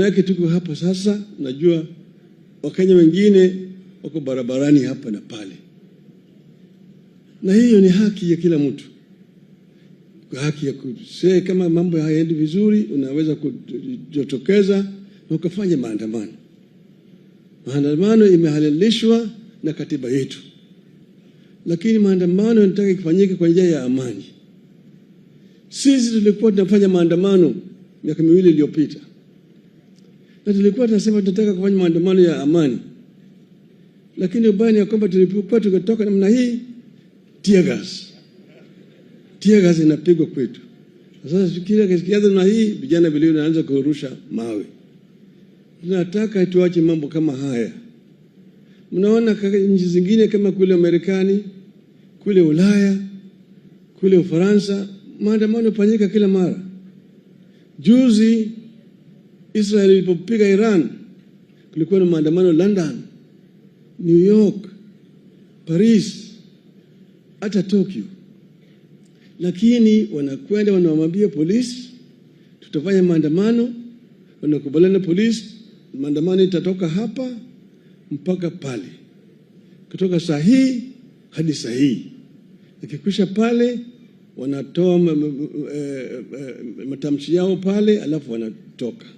yake tuko hapa sasa, najua Wakenya wengine wako barabarani hapa na pale, na hiyo ni haki ya kila mtu, haki ya kusema kama mambo hayaendi vizuri, unaweza kujitokeza na ukafanya maandamano. Maandamano imehalalishwa na katiba yetu, lakini maandamano yanataka ifanyike kwa njia ya amani. Sisi tulikuwa tunafanya maandamano miaka miwili iliyopita na tulikuwa tunasema tunataka kufanya maandamano ya amani, lakini ubaya ni ya kwamba tulipokuwa tukitoka namna hii, tear gas, tear gas inapigwa kwetu. Sasa fikiria kila namna hii vijana vile wanaanza kurusha mawe. Tunataka tuache mambo kama haya. Mnaona nchi zingine kama kule Marekani, kule Ulaya, kule Ufaransa, maandamano yanafanyika kila mara. Juzi Israel ilipopiga Iran, kulikuwa na maandamano London, New York, Paris, hata Tokyo, lakini wanakwenda wanawambia polisi, tutafanya maandamano. Wanakubaliana polisi, maandamano itatoka hapa mpaka pale, kutoka sahihi hadi sahihi Ikikwisha pale wanatoa eh, eh, matamshi yao pale, alafu wanatoka.